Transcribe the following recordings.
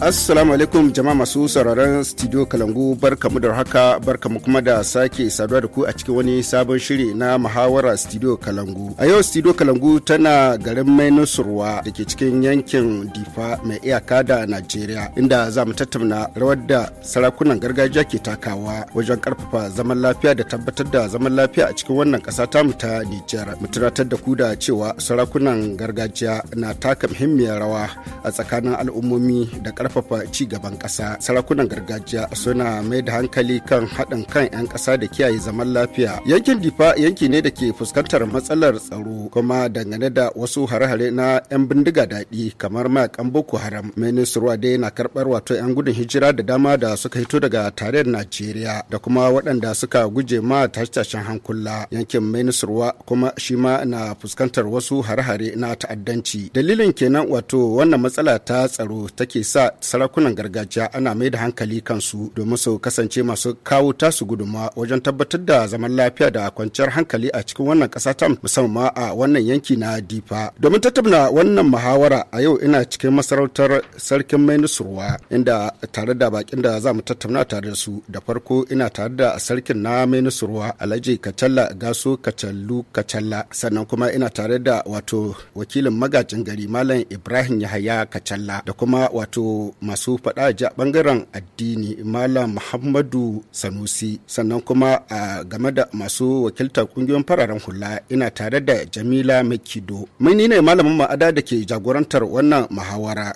Assalamu alaikum jama'a masu sauraron studio Kalangu barkamu da haka barkamu kuma da sake saduwa da ku a cikin wani sabon shiri na muhawara studio Kalangu. A yau studio Kalangu tana garin mainusurwa da ke cikin yankin Difa mai iyaka da Najeriya inda za mu tattauna rawar da sarakunan gargajiya ke takawa wajen karfafa zaman lafiya da tabbatar da zaman lafiya a cikin wannan kasa tamu ta Nijar. Mu tunatar da ku da cewa sarakunan gargajiya na taka muhimmiyar rawa a tsakanin al'ummomi da karfafa ci gaban kasa sarakunan gargajiya suna mai da hankali kan haɗin kan 'yan kasa da kiyaye zaman lafiya yankin difa yanki ne da ke fuskantar matsalar tsaro kuma dangane da wasu hare-hare na 'yan bindiga daɗi kamar mayakan boko haram minisruwa dai na karɓar wato 'yan gudun hijira da dama da suka hito daga tarayyar najeriya da kuma waɗanda suka guje ma tashe-tashen hankula yankin minisruwa kuma shi ma na fuskantar wasu hare-hare na ta'addanci dalilin kenan wato wannan matsala ta tsaro take sa sarakunan gargajiya ana mai da hankali kansu domin su kasance masu kawo tasu gudunmawa wajen tabbatar da zaman lafiya da kwanciyar hankali a cikin wannan ƙasa ta musamman a wannan yanki na difa domin tattauna wannan muhawara a yau ina cikin masarautar sarkin mai nusurwa inda tare da bakin da za mu tattauna tare da su da farko ina tare da sarkin na mai nusurwa alhaji kacalla gaso kacallu kacalla sannan kuma ina tare da wato wakilin magajin gari malam ibrahim yahaya kacalla da kuma wato masu faɗa a ɓangaren addini Malam Muhammadu Sanusi sannan kuma a game da masu wakiltar ƙungiyoyin fararen hula ina tare da Jamila Makido. Mai ne malamin ma'ada da ke jagorantar wannan muhawara.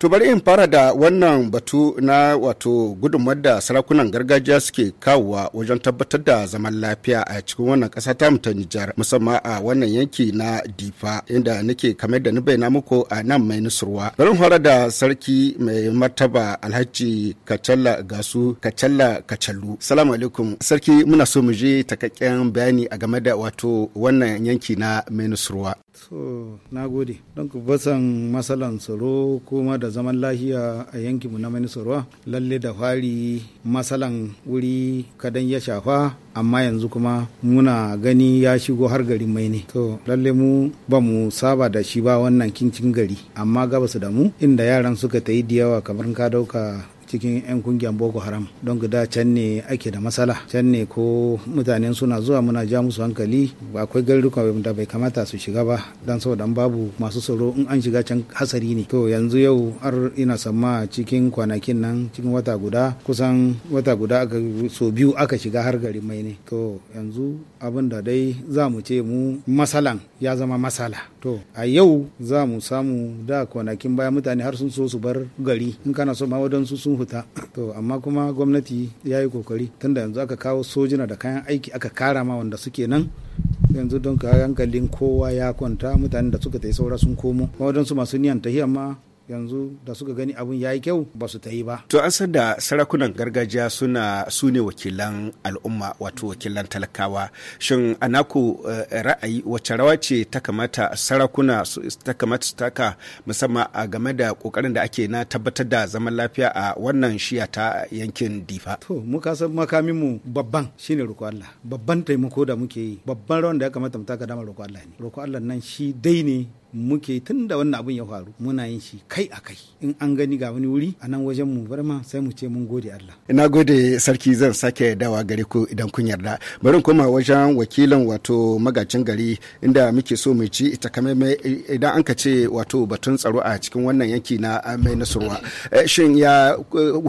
To bari in fara da wannan batu na wato gudunmawar da sarakunan gargajiya suke kawowa wajen tabbatar da zaman lafiya a cikin wannan kasa ta ta Nijar musamman a wannan yanki na Difa inda nake kamar da ni bayyana muku a nan mai nusurwa. Bari fara da sarki mai martaba Alhaji Kacalla Gasu Kacalla Kacallu. Salamu alaikum. Sarki muna so mu je takakken bayani a game da wato wannan yanki na mai nusurwa. so na gode don ku basan matsalan tsaro kuma da zaman lahiya a yankinmu na mani manisarwa lalle da fari matsalan wuri kadan ya shafa amma yanzu kuma muna gani ya shigo har garin mai ne to lalle mu ba mu saba da shi ba wannan kincin gari amma gabas da mu inda yaran suka ta yi da kamar ka dauka cikin 'yan kungiyar boko haram don da can ne ake da matsala can ne ko mutane suna zuwa muna ja musu hankali ba akwai garurukan da bai kamata su shiga ba don saboda babu masu tsaro in an shiga can hasari ne to yanzu yau har ina samma cikin kwanakin nan cikin wata guda kusan wata guda aka so biyu aka shiga har gari. mai ne to yanzu abin da dai za mu ce mu masalan ya zama masala to a yau za mu samu da kwanakin baya mutane har sun so su bar gari in kana so ma wadansu sun huta to amma kuma gwamnati ya yi kokari tunda yanzu aka kawo sojina da kayan aiki aka kara ma wanda suke nan yanzu don ka hankalin kowa ya kwanta mutanen da suka tafi saura sun komo kuma wadansu masu niyan tahiyar ma yanzu da suka gani abun ya yi kyau ba su ta yi ba. To an san da sarakunan gargajiya suna su ne wakilan al'umma wato wakilan talakawa. Shin anaku eh, ra'ayi wacce rawa ce ta kamata sarakuna ta kamata su taka musamman a game da kokarin da ake na tabbatar da zaman lafiya a wannan shiya ta yankin Difa. To muka san makamin mu babban shine roƙo Allah. Babban taimako da muke yi babban rawan da ya kamata mu taka dama roƙo Allah ne. Roƙo Allah nan shi dai ne muke tun da wannan abin ya faru muna yin shi kai a kai in an gani ga wani wuri a nan wajen mu barma sai mu ce mun gode Allah ina gode sarki zan sake dawa gare ku idan kun yarda bari koma wajen wakilan wato magacin gari inda muke so mu ci ita kamar idan an ka ce wato batun tsaro a cikin wannan yanki na mai nasurwa eh, shin ya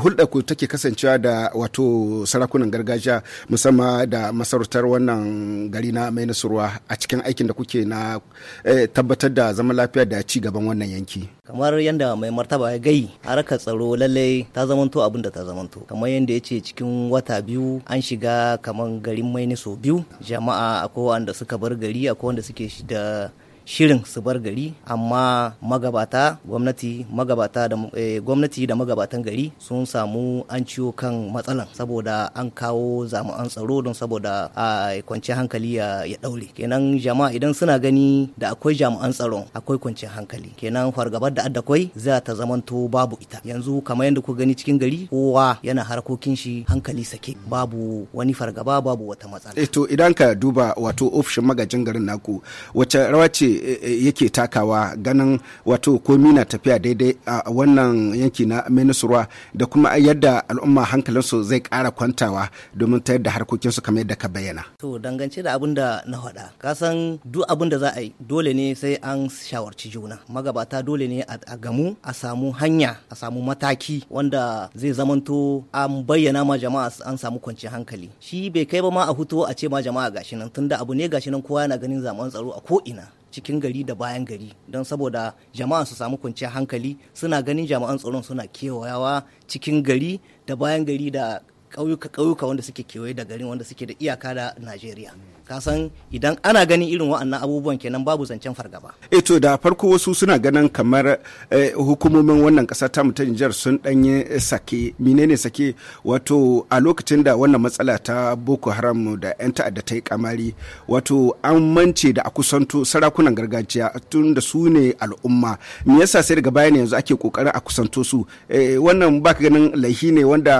hulɗa ku take kasancewa da wato sarakunan gargajiya musamman da masarautar wannan gari na mai nasurwa a cikin aikin da kuke na eh, tabbatar da a zaman lafiya da ci gaban wannan yanki kamar yadda mai martaba ya gai harkar tsaro lallai ta zamanto abin da ta zamanto kamar yadda ya ce cikin wata biyu an shiga kamar garin maini sau biyu jama'a akwai wanda suka bar gari akwai wanda suke da shirin su bar gari amma magabata gwamnati magabata da eh, gwamnati da magabatan gari sun samu an ciwo kan matsalan saboda an kawo jami'an tsaro don saboda a kwanciyar hankali ya daure kenan jama'a idan suna gani da akwai jami'an tsaro akwai kwanciyar hankali kenan fargabar da addakwai za ta zamanto babu ita yanzu kamar yadda ku gani cikin gari kowa yana harkokin shi hankali sake babu wani fargaba babu wata matsala eh, to idan ka duba wato ofishin magajin garin naku wace rawa ce yake takawa ganin wato komi na tafiya daidai a wannan yanki na minisruwa da kuma yadda al'umma hankalinsu zai kara kwantawa domin ta yadda harkokinsu kamar yadda ka bayyana. to dangance da abin da na faɗa kasan duk abin da za a yi dole ne sai an shawarci juna magabata dole ne a gamu a samu hanya a samu mataki wanda zai zamanto an bayyana ma jama'a an samu kwanciyar hankali shi bai kai ba ma a hutu a ce ma jama'a gashi nan tunda abu ne gashi nan kowa yana ganin zaman tsaro a ko ina cikin gari da bayan gari don saboda jama'a su samu kwanciyar hankali suna ganin jama'an tsaron suna kewayawa cikin gari da bayan gari da ƙauyuka wanda suke kewaye da garin wanda suke da iyaka da najeriya kasan idan ana ganin irin wa'annan abubuwan kenan babu zancen fargaba. eto eh da farko wasu suna ganin kamar eh, hukumomin wannan kasa ta mutum Nijar sun danyi sake menene sake wato a lokacin da wannan matsala ta Boko Haram da 'yan ta'adda ta yi kamari wato an mance da a kusanto sarakunan gargajiya tun da su ne al'umma me yasa sai daga baya ne yanzu ake kokarin a kusanto su eh, wannan baka ganin laifi ne wanda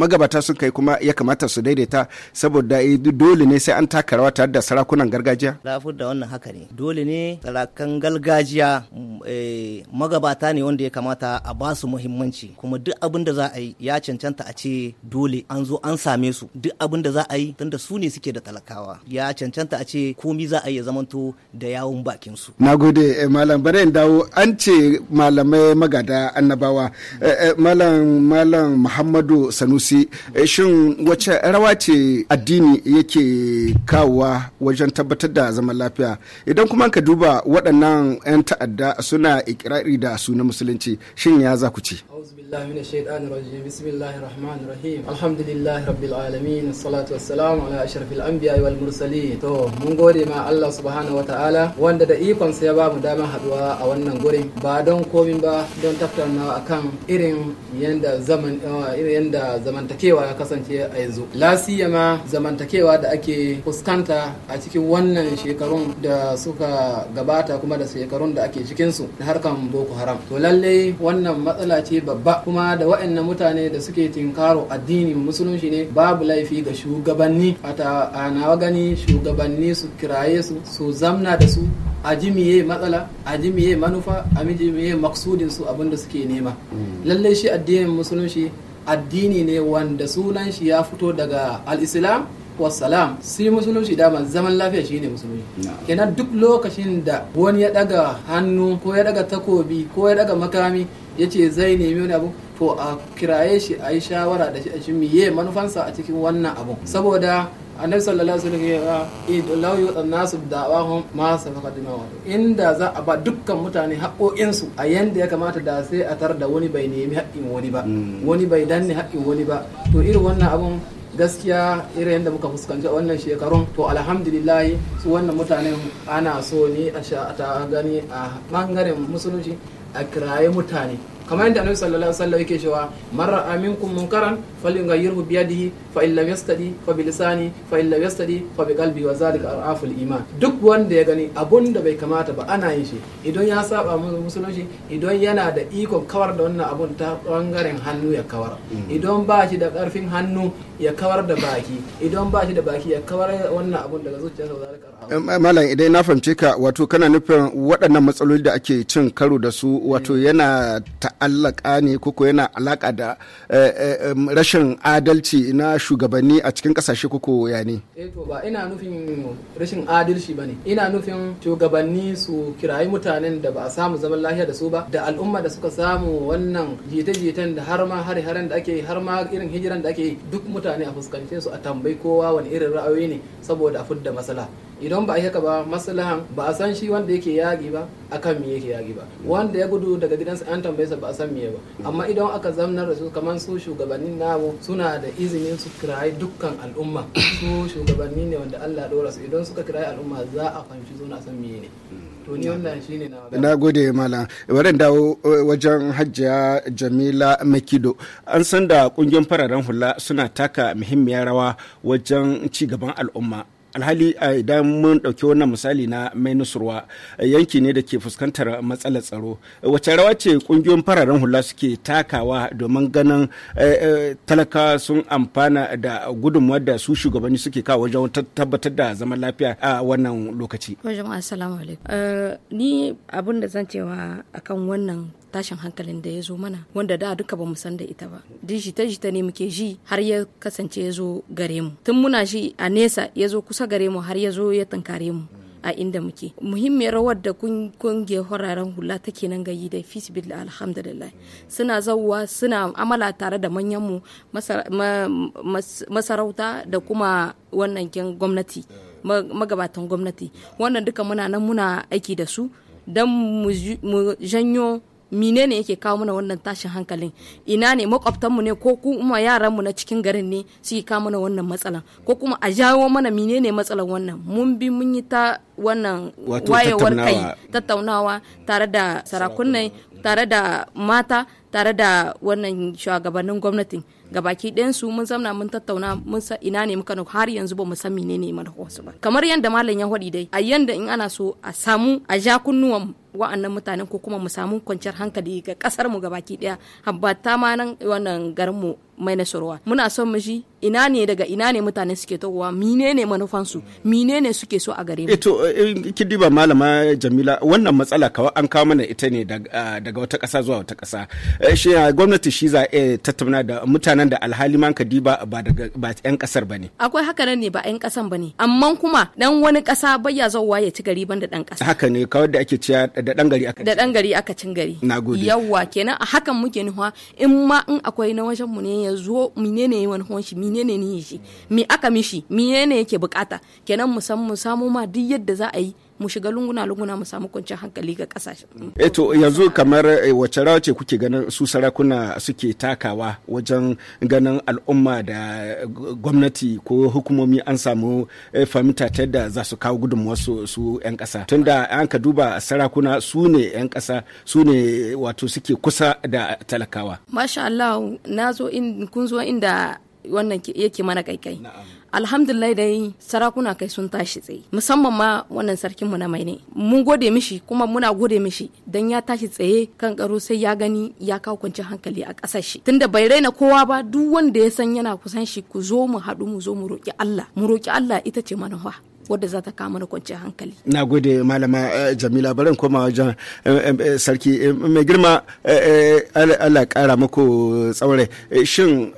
magabata sun kai kuma ya kamata su daidaita saboda dole ne sai an taka taka rawa da sarakunan gargajiya? Lafur da wannan haka ne. Dole ne sarakan gargajiya mm, eh, magabata ne wanda ya kamata a ba su muhimmanci kuma duk abin da za a yi ya cancanta a ce dole an zo an same su duk abin da za a yi tunda su ne suke da talakawa ya cancanta a ce komi za a yi ya zamanto da yawon bakin su. Na gode eh, malam in dawo an ce malamai magada annabawa eh, malam malam Muhammadu Sanusi shin wace rawa ce addini yake kawowa wajen tabbatar da zaman lafiya idan kuma ka duba waɗannan 'yan ta'adda suna ikirari da su musulunci shin ya za ku ce بالله من الشيطان الرجيم بسم الله الرحمن الرحيم الحمد لله to mun gode ma Allah subhanahu wa wanda da ikon sa ya ba mu damar haduwa a wannan gurin ba don komin ba don tattauna akan irin yanda zaman uh, irin yanda zamantakewa ya kasance a yanzu lasiya ma zamantakewa da ake fuskanta a cikin wannan shekarun da suka gabata kuma da shekarun da ake cikinsu da harkan boko haram to lallai wannan matsala ce babba kuma da waɗannan mutane da suke tinkaro addinin musulunci ne babu laifi ga shugabanni a nawa gani shugabanni su kiraye su su zamna da su a jimiye matsala a jimiye manufa a jimiye maksudinsu su abinda suke nema mm. lallai shi addinin musulunci addini ne wanda sunan shi ya fito daga al-islam wasalam sai musulunci daman zaman lafiya shi ne musulunci kenan duk lokacin da wani ya daga hannu ko ya daga takobi ko ya daga makami ya ce zai nemi wani abu to a kiraye shi a yi shawara da shi a shi miye manufansa a cikin wannan abu saboda annabi sallallahu alaihi wasallam ya ce eh, yu'tan nasu da'awahum ma inda za a ba dukkan mutane haƙoƙinsu a yanda ya kamata da sai a tar da wani bai nemi haƙƙin wani ba mm. wani bai danne haƙƙin wani ba to irin wannan abun gaskiya irin yadda muka fuskanci wannan shekarun to alhamdulillah su wannan mutane ana so ne a gani a bangaren musulunci a kiraye mutane kamar yadda annabi sallallahu alaihi wasallam yake cewa man ra'a minkum munkaran falyughayyirhu bi yadihi fa in lam yastadi fa bi lisani fa in lam yastadi fa bi qalbi wa zalika araful iman duk wanda ya gani abun da bai kamata ba ana yin shi idan ya saba musulunci idan yana da ikon kawar da wannan abun ta bangaren hannu ya kawar mm. idan ba shi da karfin hannu ya kawar da baki idan ba shi da baki ya kawar wannan abun daga zuciyarsa wa zalika eh, malam idan na fahimce ka wato kana nufin waɗannan matsaloli da ake cin karo da su wato mm. yana ta ta'allaka ne koko yana alaka da eh, eh, rashin adalci na shugabanni a cikin kasashe koko ya ne eh, to ba ina nufin rashin adalci ba ne ina nufin shugabanni su kirayi mutanen da ba a samu zaman lafiya da su ba da al'umma da suka samu wannan jita-jitan da har ma hare-haren da ake har ma irin hijiran da ake duk mutane a fuskance su a tambayi kowa wani irin ra'ayoyi ne saboda a fudda masala idan ba a yi ba maslahan ba a san shi wanda yake yagi ba akan me yake yagi ba wanda ya gudu daga gidansa an tambayesa ba a san me ba amma idan aka zamnar da su kamar su shugabannin namu suna da izinin su kirayi dukkan al'umma su shugabanni ne wanda Allah dora su idan suka kirayi al'umma za a fahimci zo na san me ne to ni wannan shine na na gode mala bari dawo eh, wajen hajjiya Jamila Makido an san da kungiyoyin fararen hula suna taka muhimmiyar rawa wajen ci gaban al'umma alhali idan mun ɗauki wannan misali na mai nusurwa yanki ne da ke fuskantar matsalar tsaro wace rawa ce ƙungiyoyin fararen hula suke takawa domin ganin e, e, talaka sun amfana da gudunmuwar da su shugabanni suke kawo wajen tabbatar da zaman lafiya a wannan lokaci. Eh, ni abin da zan cewa akan wannan tashin hankalin da ya zo mana wanda da duka ba mu san da ita ba jita jita ne muke ji har ya kasance ya zo gare mu tun muna shi a nesa ya zo kusa gare mu har ya zo ya tunkare mu a inda muke muhimmiyar rawar da kungiyar hararen hula take nan gayi da fisibil alhamdulillah suna zauwa suna amala tare da manyanmu masarauta da kuma wannan gwamnati magabatan gwamnati wannan duka muna nan muna aiki da su don mu janyo menene yake kawo mana wannan tashin hankalin ina ne makwabtanmu ne ko kuma mu na cikin garin ne suke kawo mana wannan matsalan ko kuma a jawo mana menene matsalan wannan mun bi mun yi ta wannan wayewar kai tattaunawa tare da sarakunan tare da mata tare da wannan shugabannin gwamnatin gabaki su mun zamna mun tattauna mun sa ina ne muka har yanzu ba mu san menene manufarsu ba kamar yadda malam ya haɗi dai a yanda in ana so a samu a ja kunnuwan wa'annan mutanen ko kuma mu samu kwanciyar hankali ga kasar mu gabaki ɗaya habbata ma nan wannan garin mu mai nasarwa muna son mu ji ina ne daga ina ne mutane suke mine menene manufansu menene suke so a gare mu eh to eh, kidiba malama Jamila wannan matsala kawai an kawo mana ita ne daga ah, wata kasa zuwa wata kasa eh, shi ah, gwamnati shi za a tattauna da mutanen da alhali man kadiba ba daga ba yan ba bane akwai haka nan ne ba yan ba bane amma kuma dan wani ƙasa bai ya zauwa ya ci gari ban da dan ƙasa haka ne kawai da ake ciya da dan gari aka da dan gari aka cin gari nagode yawwa kenan a hakan muke nufa in ma in akwai na wajen mu ne ya zo menene wani honshi menene ne shi me aka mishi menene yake bukata kenan mu san mu samu ma duk yadda za a yi mu shiga lunguna-lunguna mu samu kwanciyar hankali ga kasashen. Eto eh, yanzu kamar eh, wace rawa ce kuke ganin su sarakuna suke takawa wajen ganin al'umma da eh, gwamnati ko hukumomi an samu fahimta ta yadda za su kawo gudunmuwarsu su 'yan kasa Tunda an ka duba sarakuna su ne 'yan ƙasa su ne wato suke kusa da talakawa. Masha Allah na zo in kun zo inda wannan yake mana kaikai alhamdulillah dai sarakuna kai sun tashi tsaye musamman ma wannan sarkin mu na mai ne mun gode mishi kuma muna gode mishi dan ya tashi tsaye kan karo sai ya gani ya kawo kwanci hankali a ƙasar shi tunda bai raina kowa ba duk wanda ya san yana kusan shi ku zo mu haɗu mu zo mu roƙi Allah mu roƙi Allah ita ce manufa wadda za ta kama mana kwanciyar hankali na gode malama eh, jamila barin koma wajen eh, eh, sarki mai girma allah kara muku tsaure shin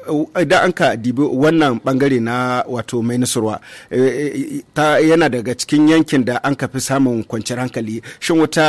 da an ka dibi wannan bangare na wato mai nasarwa ta yana daga cikin yankin da an ka fi samun kwanciyar hankali shin wata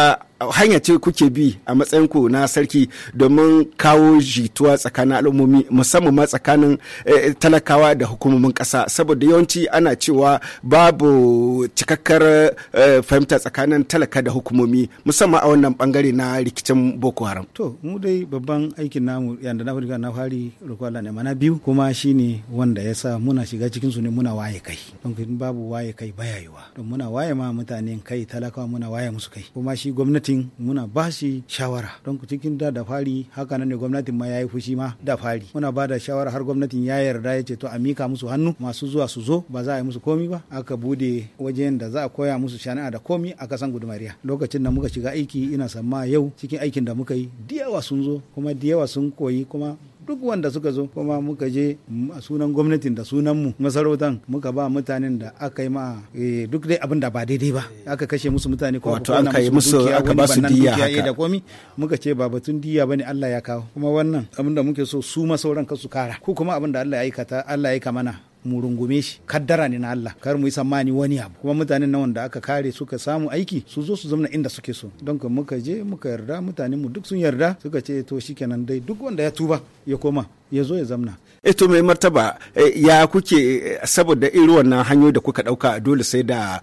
hanya ce kuke bi a matsayin ku na sarki domin kawo jituwa tsakanin al'ummomi musamman ma tsakanin eh, talakawa da hukumomin kasa saboda yawanci ana cewa babu cikakkar eh, fahimta tsakanin talaka da hukumomi musamman a wannan bangare na rikicin boko haram to mu dai babban aikin namu yanda na na fari rukwala ne mana biyu kuma shine wanda ya sa muna shiga cikin su ne muna waye kai don babu waye kai baya yiwa don muna waye ma mutanen kai talakawa muna waye musu kai kuma shi gwamnati gwamnatin muna ba shi shawara don ku cikin da da fari haka nan ne gwamnatin ma yi fushi ma da fari muna ba da shawara har gwamnatin ya yarda ya ce to a mika musu hannu masu zuwa su zo ba za a yi musu komi ba aka bude wajen da za a koya musu shana'a da komi a kasan gudumariya lokacin da muka shiga aiki ina samma yau cikin aikin da muka yi diyawa sun zo kuma diyawa sun koyi kuma duk wanda suka zo kuma muka je a sunan gwamnatin da sunan mu masarautan muka ba mutanen da aka yi ma eh, duk dai abin da ba daidai ba aka kashe musu mutane ko wato an yi musu aka ba su diya haka da komi muka ce ba batun diya bane Allah ya kawo kuma wannan abin da muke so su masauran sauran kasu kara ko kuma abin da Allah ya aikata Allah ya aika mana mu rungume shi kaddara ne na Allah kar mu yi tsammani wani abu kuma mutanen nan wanda aka kare suka samu aiki su zo su zama inda suke so don ka muka je muka yarda mutanen mu duk sun yarda suka ce to shikenan dai duk wanda ya tuba ya koma ya zo ya zamna. E to mai martaba eh, ya kuke eh, saboda irin wannan hanyoyi da kuka dauka dole sai da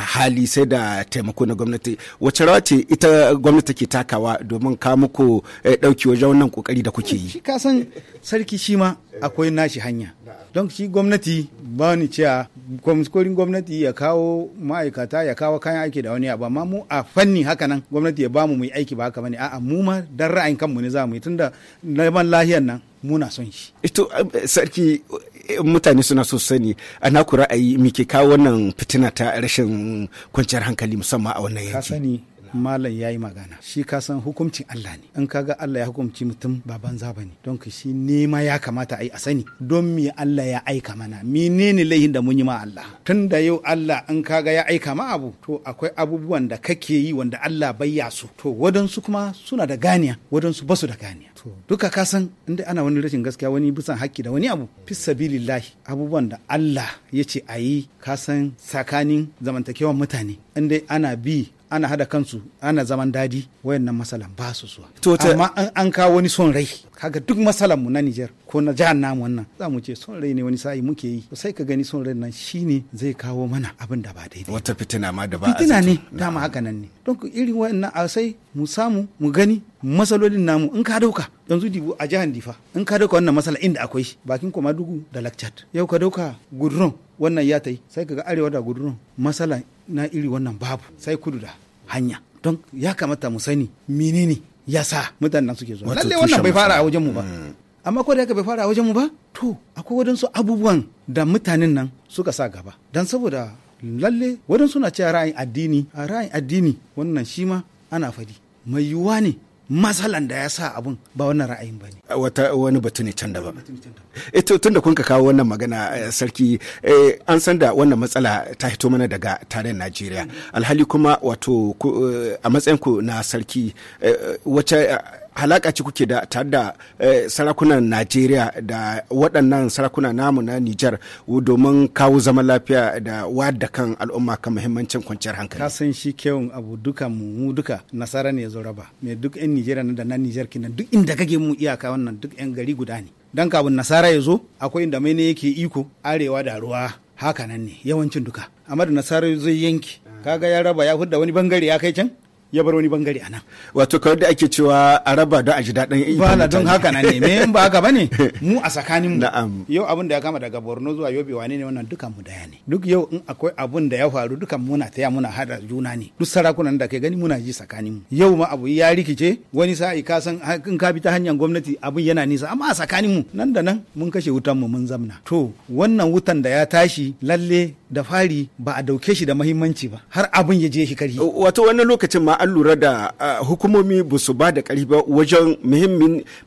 hali sai da taimako na gwamnati wace rawa ce ita gwamnati ke takawa domin ka muku dauki wajen wannan kokari da kuke yi. Shi ka san sarki shi ma akwai nashi hanya don shi gwamnati ba ni cewa kwamskorin gwamnati ya kawo ma'aikata ya kawo kayan aiki da wani abu amma mu a fanni haka nan gwamnati ya ba mu yi aiki ba haka bane a'a mu ma dan ra'ayin kanmu ne za mu yi tunda neman lahiyar nan muna son shi ito eh, sarki eh, mutane suna so sani a naku ra'ayi me kawo wannan fitina ta rashin kwanciyar hankali musamman a wannan yanki malam yayi magana shi ka san hukuncin Allah ne in kaga Allah ya hukunci mutum ba banza bane don ka shi nema ya kamata a yi a sani don me Allah ya aika mana menene laihin da mun yi ma Allah tun da yau Allah in kaga ya aika ma abu to akwai abubuwan da kake yi wanda Allah bai ya su to wadansu kuma suna da ganiya wadansu basu da ganiya to duka ka san inda ana wani rashin gaskiya wani bisan haƙƙi da wani abu fisabilillahi abubuwan da Allah ya ce a yi ka san tsakanin zamantakewan mutane inda ana bi ana hada kansu ana zaman dadi wayannan masalan ba su zuwa to amma an kawo wani son rai kaga duk masalan mu na Niger ko na jihar namu wannan za mu ce son rai ne wani sa'i muke yi to sai ka gani son rai nan shine zai kawo mana abin da ba daidai wata fitina ma da ba fitina ne dama haka nan ne don irin wannan a sai mu samu mu gani masalolin namu in ka dauka yanzu dibu a jihar difa in ka dauka wannan masala inda akwai shi bakin kuma dugu da Lakchat yau ka dauka gudron wannan ya ta yi sai ka ga arewa da gudron masala na iri wannan babu sai kudu da hanya don ya kamata mu sani menene ya sa mutanen suke zuwa lalle wannan hmm. bai fara a wajen mu ba amma ko da haka bai fara a wajen mu ba to akwai wadansu abubuwan da mutanen nan suka sa gaba dan saboda lalle wadansu na cewa ra'ayin addini a ra'ayin addini wannan shima ana fadi mai yiwuwa ne matsalan da ya sa abun ba wannan ra'ayin ba ne. wani batu ne can ba Ito eh, tun da kunka kawo wannan magana eh, sarki eh, an san da wannan matsala ta hito mana daga tarin Najeriya. Mm. Alhali kuma wato a matsayin ku na sarki wacce. halaka ce kuke da tare da eh, sarakunan najeriya da waɗannan sarakunan namu na nijar domin kawo zaman lafiya da da kan al'umma kan muhimmancin kwanciyar hankali kasan shi kyawun abu duka mu duka nasara ne ya zo raba me duk yan nijeriya da na nijar kinan duk inda kake mu iyaka wannan duk yan gari guda ne dan kabin nasara ya zo akwai inda mai ne yake iko arewa da ruwa haka nan ne yawancin duka amma da nasara zai yanki kaga ya raba ya fudda wani bangare ya kai can ya bar wani bangare anan. Wato kawai da ake cewa a raba don a ji daɗin Bala don haka na ne, me ba haka bane mu a tsakanin mu. Yau abin da ya kama daga Borno zuwa Yobe wane ne wannan dukan mu daya ne. Duk yau in akwai abin da ya faru dukan muna taya muna hada juna ne. Duk sarakunan da ke gani muna ji tsakanin mu. Yau ma abu ya rikice wani sa'i ka san in ka bi ta hanyar gwamnati abin yana nisa amma a tsakanin mu nan da nan mun kashe wutan mu mun zamna. To wannan wutan da ya tashi lalle da fari ba a dauke shi da mahimmanci ba har abin ya je shi kari. Wato wannan lokacin ma an lura da hukumomi ba su ba da ƙari ba wajen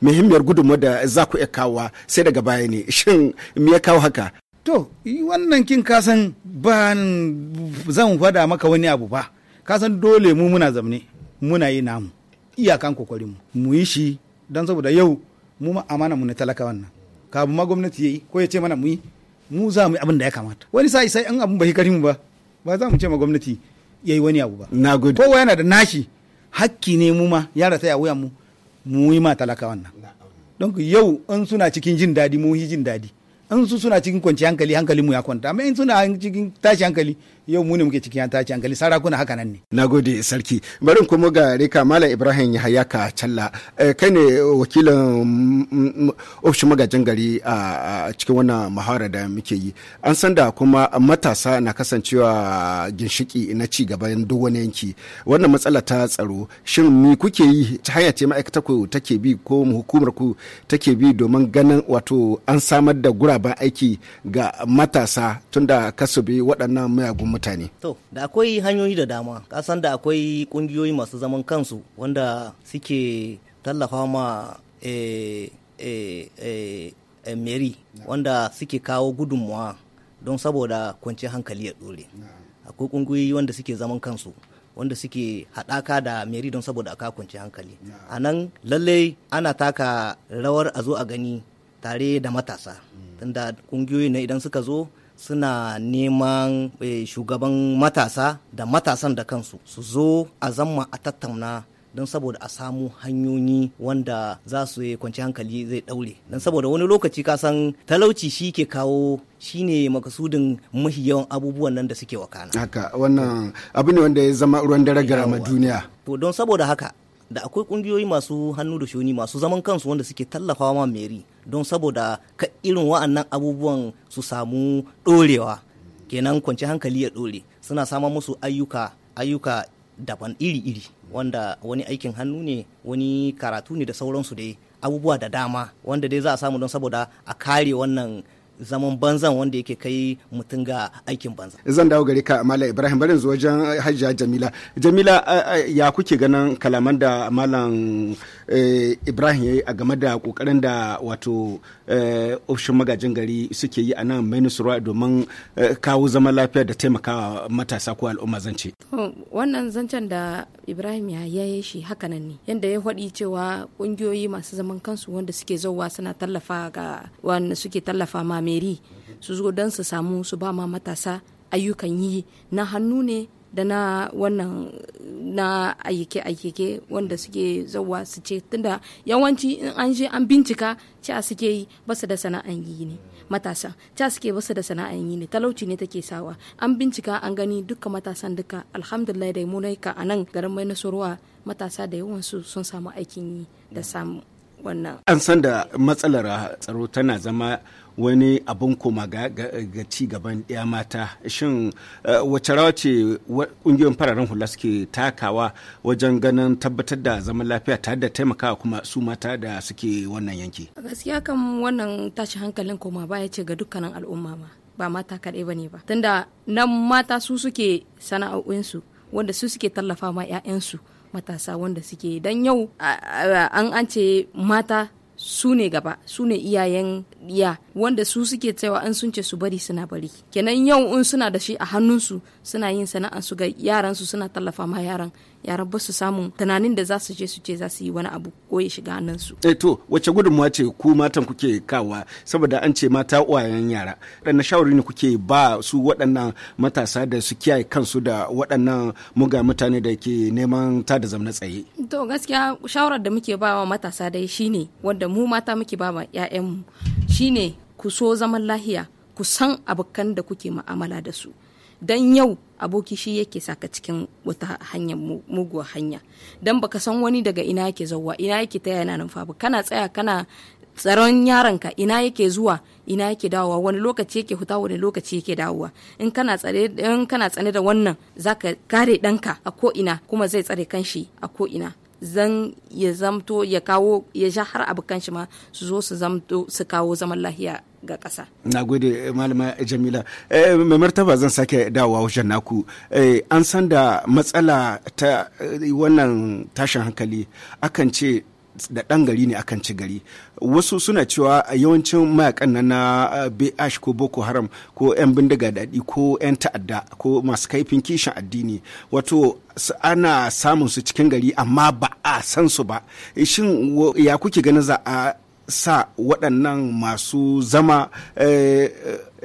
muhimmiyar gudunmu da za ku iya kawo sai daga baya ne shin me ya kawo haka to wannan kin kasan ba zan fada maka wani abu ba kasan dole mu muna zamne muna yi namu iyakan kokarin mu mu yi shi don saboda yau mu ma amana mu na talaka wannan ka ma gwamnati yayi ko ya ce mana mu yi mu za mu yi abin da ya kamata wani sa'i sai an abin bai karimu ba ba za mu ce ma gwamnati yayi wani abu ba na gode kowa yana da nashi hakki ne mu ma ya rasa ya wuya mu mu yi ma talaka wannan don yau in suna cikin jin daɗi mu yi jin daɗi in su suna cikin kwanci hankali hankali mu ya kwanta amma in suna cikin tashi hankali yau mu ne muke cikin tashi gani sarakuna haka nan ne nagode sarki bari kuma ga rika malam ibrahim ka challa eh, kai ne wakilin ofishin magajin gari a cikin wannan muhawara da muke yi an san da kuma matasa na kasancewa ginshiki na ci gaban duk wani yanki wannan matsala ta tsaro shin me kuke yi ta hanya ce ma'aikata ku take bi ko hukumar ku take bi domin ganin wato an samar da guraben aiki ga matasa tunda kasu bi waɗannan mayagun mutane? To, da akwai hanyoyi da dama. Kasan da akwai kungiyoyi masu zaman kansu wanda suke tallafa ma e, meri wanda suke kawo gudunmuwa don saboda kwanci hankali ya dore. Akwai kungiyoyi wanda suke zaman kansu. wanda suke haɗaka da meri don saboda aka kwanci hankali a nan lallai ana taka rawar a zo a gani tare da matasa mm. tunda ƙungiyoyi na idan suka zo suna neman eh, shugaban matasa da matasan da kansu su zo a zama a tattauna don saboda a samu hanyoyi wanda za su yi eh, kwanci hankali zai daure don saboda wani lokaci ka san talauci shi ke kawo shi ne makasudin mahi yawan abubuwan nan da suke wakana haka wannan abu ne wanda ya zama ruwan dare ga duniya to don saboda haka da akwai kungiyoyi masu hannu da shuni masu zaman kansu wanda suke tallafawa ma meri don saboda ka irin wa'annan abubuwan su samu dorewa kenan kwanci hankali ya dore suna samar musu ayyuka ayyuka daban iri-iri wanda wani aikin hannu ne wani karatu ne da sauransu dai abubuwa da dama wanda dai za a samu don saboda a kare wannan zaman banzan wanda yake kai mutum ga aikin banza zan dawo gare ka malam ibrahim barin zuwa wajen hajjia jamila jamila ya kuke ganin kalaman da malam Eh, ibrahim ya yi a game da kokarin da wato eh, ofishin magajin gari suke yi a nan mai domin eh, kawo zama lafiya da taimakawa matasa ko al'umma zance wannan zancen da ibrahim ya yaye shi hakanan ne yadda ya faɗi cewa ƙungiyoyi masu zaman kansu wanda suke zauwa suna tallafa ga wanda suke tallafa ma su zo don su samu su ba ma matasa ayyukan yi na hannu ne da na wannan na ayyuke-ayyuke wanda suke zauwa su ce tunda yawanci in an je an bincika ca suke yi basu da sana'an yi ne matasa ca suke basu da sana'an yi ne talauci ne take sawa an bincika an gani duka matasan duka alhamdulillah da mu ka a nan garin mai nasarwa matasa da yawan su sun samu aikin yi da samu wannan an san da matsalar tsaro tana zama wani abun koma ga, ci gaban ɗaya mata shin eh, wace rawa ce ƙungiyoyin fararen hula suke takawa wajen ganin tabbatar da zaman lafiya tare da taimakawa kuma su mata da suke wannan yanki gaskiya kan wannan tashi hankalin koma baya ce ga dukkanin al'umma ma ba mata kaɗai ba ne ba tunda nan mata su suke sana'o'insu wanda su suke tallafa ma 'ya'yansu matasa wanda suke dan yau an an ce mata su ne gaba su ne iyayen ya wanda su suke cewa an sun ce su bari suna bari kenan yau in suna da shi a hannunsu suna yin su ga yaransu suna tallafa ma yaran yaran ba su samun tunanin da za su je su ce za su yi wani abu ko ya shiga su. eh to wace gudunmuwa ce ku matan kuke kawa saboda an ce mata uwayen yara dan na shawari ne kuke ba su waɗannan matasa da su kiyaye kansu da waɗannan muga mutane da ke neman ta da zamna tsaye. to gaskiya shawarar da muke ba wa matasa dai shine wanda mu mata muke ba wa mu shine ku so zaman lahiya ku san abokan da kuke ma'amala da su dan yau aboki shi yake saka cikin wata hanya muguwar hanya dan baka san wani daga ina yake zauwa ina yake ta yana nan ba kana tsaya kana tsaron yaronka ina yake zuwa ina yake dawowa wani lokaci yake huta wani lokaci yake dawowa in kana tsare in kana tsane da wannan zaka kare danka a ko ina kuma zai tsare kanshi a ko ina zan ya zamto ya kawo ya ja har abokan shi ma su zo su zamto su kawo zaman lahiya ga ƙasa. Na gode eh, malama Jamila. Eh, mai martaba zan sake dawowa wajen naku. Eh, an san da matsala ta wannan tashin hankali akan ce da ɗan gari ne akan ci gari wasu suna cewa yawancin mayakan nan na bh eh, ko boko haram ko 'yan bindiga daɗi ko 'yan ta'adda ko masu kaifin kishin addini wato ana samun su cikin gari amma ba a san su ba eh, shin ya kuke ganin za a sa waɗannan masu zama eh,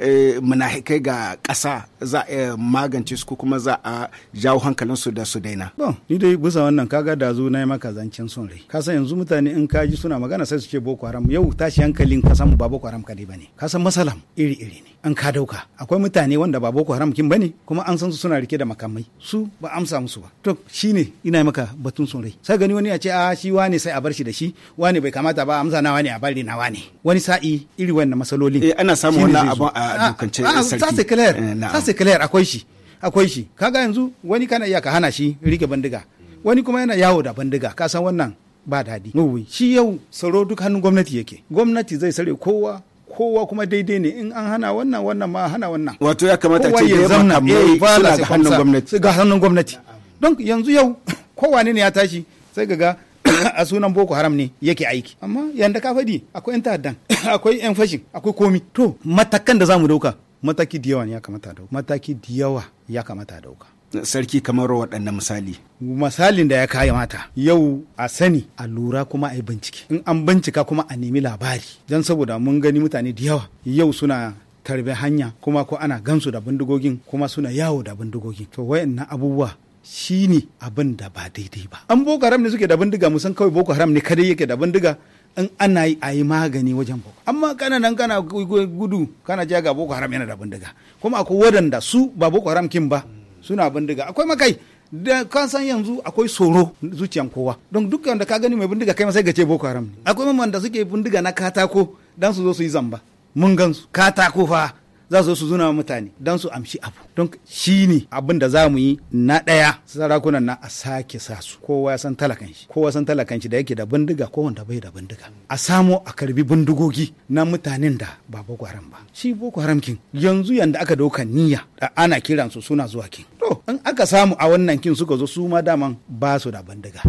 Eh, munahikai ga ƙasa za a magance su ko kuma za a jawo hankalinsu da su daina. Bon, ni dai bisa wannan kaga da zo na yi maka zancen son rai. Ka san yanzu mutane in ka ji suna magana sai su ce Boko Haram yau tashi hankalin ka san ba Boko Haram kadai ne. Ka san masalam iri-iri ne. an ka dauka akwai mutane wanda ba boko haram kin bane kuma an san su suna rike da makamai su ba amsa musu ba to shine ina maka batun sun rai sai gani wani ya ce a ah, shi wane sai a bar shi da shi wane bai kamata ba amsa na wane a bari na wane wani sa'i iri wannan masalolin eh ana samu wannan abun a ah, dukance ah, sarki sai clear sai clear akwai shi akwai shi kaga yanzu wani kana iya ka hana shi rike bandiga wani kuma yana yawo da bandiga ka san wannan ba daɗi. shi yau tsaro duk hannun gwamnati yake. Gwamnati zai sare kowa kowa kuma daidai ne in an hana wannan wannan ma hana wannan wato ya kamata ce ya zamna eh, suna ga hannun gwamnati ga hannun gwamnati don yanzu yau kowa ne ya tashi sai ga ga a sunan boko haram ne yake aiki amma yanda ka faɗi akwai yan ta'addan akwai yan fashin akwai komi to matakan da zamu dauka mataki da yawa ne ya kamata dauka mataki da yawa ya kamata dauka sarki kamar waɗanne misali misalin da ya kaya mata yau a sani a lura kuma a yi bincike in an bincika kuma a nemi labari don saboda mun gani mutane da yawa yau suna tarbe hanya kuma ko ana gansu da bindigogin kuma suna yawo da bindigogin to wayannan abubuwa shi ne abin da ba daidai ba an boko haram ne suke da bindiga mu san kawai boko haram ne kadai yake da bindiga in ana yi a yi magani wajen boko amma kana nan kana gudu kana jaga boko haram yana da bindiga kuma akwai waɗanda su ba boko haram kin ba suna bindiga akwai makai da kan san yanzu akwai tsoro zuciyan kowa don dukkan da ka gani mai bindiga kai sai gace boko haram ne akwai mamman da suke bindiga na katako dan su zo su yi zamba mun gan su katako fa za su zuna mutane don su amshi abu don shi ne abin da za mu yi na ɗaya sarakunan na a sake sa su kowa san talakan shi kowa san talakan shi da yake da bindiga ko wanda bai da bindiga a samo a karbi bindigogi na mutanen da ba boko haram ba shi boko haram kin yanzu yanda aka dauka niyya da ana kiran su suna zuwa kin to in aka samu a wannan kin suka zo su ma daman ba su da bindiga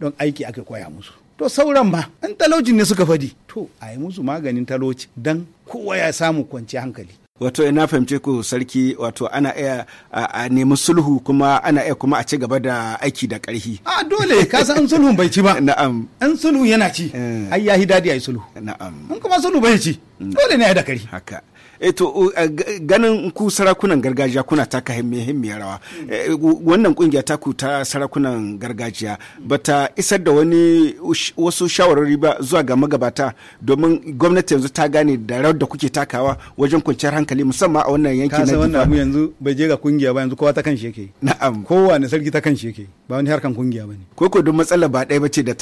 don aiki aka koya musu to sauran ba in talaucin ne suka fadi to a yi musu maganin talauci don kowa ya samu kwanci hankali wato ina eh, fahimce ku sarki wato ana iya a nemi sulhu kuma ana iya kuma a ci gaba da aiki da karhi a dole ka san an sulhun bai ci ba na'am an sulhun yana ci eh. ai yahi dadi ai sulhu na'am mun kuma sulhu bai ci mm. dole ne yi da karhi haka Eh, to eh, ganin ku sarakunan gargajiya kuna taka himmiyar rawa eh, wannan kungiya ta ku ta sarakunan gargajiya bata isar da wani wasu shawarwari ba zuwa ga magabata domin gwamnati yanzu ta gane da rawar da kuke takawa wajen kwanciyar hankali musamman a wannan yanki na wannan mu yanzu bai je ga kungiya ba yanzu kowa ta kan shi yake na'am ne sarki ta kan shi yake ba wani harkan kungiya bane ko ko don matsala ba ɗaya bace da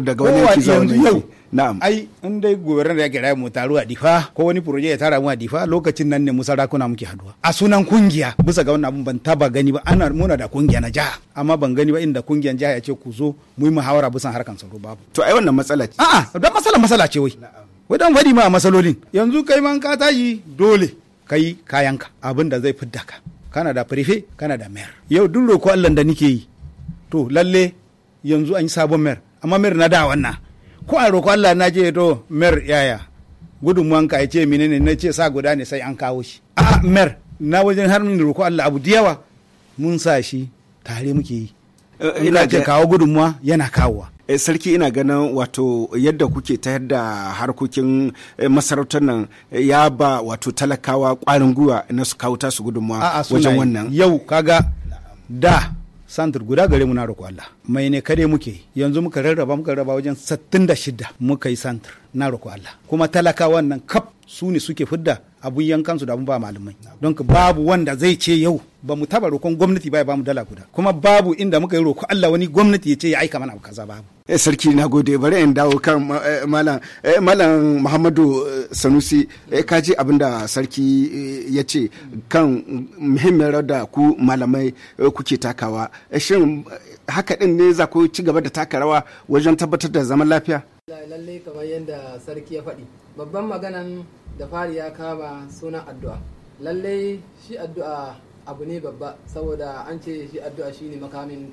daga wani yanki zuwa wani yanki na'am ai in dai gobarin da ya kira mu taru a difa ko wani proje ya tara mu a difa lokacin nan ne mu sarakuna muke haduwa a sunan kungiya bisa ga wannan abun ban taba gani ba ana muna da kungiya na jiha amma ban gani ba inda kungiyan jiha ya ce ku zo mu yi muhawara bisan harkan tsaro babu to ai wannan matsala ce a'a dan matsala matsala ce wai wadan wadi ma masalolin yanzu kai man ka tashi dole kai ka. abin da zai fidda ka kana da prefe kana da mayor yau duk roko Allah da nike yi to lalle yanzu an yi sabon mayor amma mayor na da wannan ko a roƙo Allah na je to mer yaya wanka ya ce menene na ce sa guda ne sai an kawo shi a mer na wajen har min roƙo Allah abu da yawa mun sa shi tare muke yi eh, ina ce kawo gudunmuwa yana kawowa eh, sarki ina ganin wato yadda kuke ta yadda harkokin eh, masarautar nan ya ba wato talakawa kwarin gwiwa na su kawo tasu gudunmuwa wajen wannan yau kaga da santir guda gare mu na roƙo Allah mai ne kare muke yanzu muka rarraba muka raba wajen 66 muka yi santir na roƙo Allah kuma talaka wannan kaf su ne suke fidda abun yankansu da abun ba malamai don babu wanda zai ce yau ba mu taba roƙon gwamnati ba ya ba mu dala guda kuma babu inda muka yi roƙo Allah wani gwamnati ya ce ya aika mana abu kaza babu eh sarki na gode bari in dawo kan eh, malam eh, malam Muhammadu eh, Sanusi ka ji abinda sarki ya ce kan muhimmin da ku malamai kuke takawa shin haka din ne za ku ci gaba da taka rawa wajen tabbatar da zaman lafiya lallai kamar yadda sarki ya faɗi babban maganan da fari ya kama sunan addu'a lallai shi addu'a abu ne babba saboda an ce shi addu'a shine makamin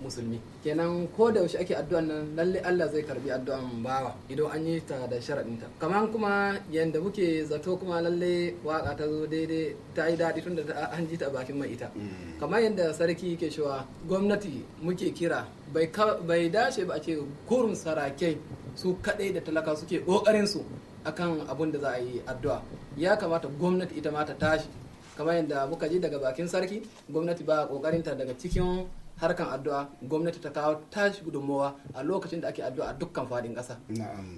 musulmi kenan ko da yaushe ake addu'an nan lallai Allah zai karbi addu'an bawa idan an yi ta da sharadinta kaman kuma yanda muke zato kuma lallai waka ta zo daidai ta yi daɗi tunda an ji ta bakin mai ita mm. kamar yanda sarki ke cewa gwamnati muke kira bai dace ba a ce kurun sarakai su kaɗai da talaka suke ƙoƙarin su akan abun da za a yi addu'a ya kamata gwamnati ita ma ta tashi kamar yadda muka ji daga bakin sarki gwamnati ba kokarin ta daga cikin harkan addu'a gwamnati ta kawo tashi gudunmowa a lokacin da ake addu'a dukkan fadin ƙasa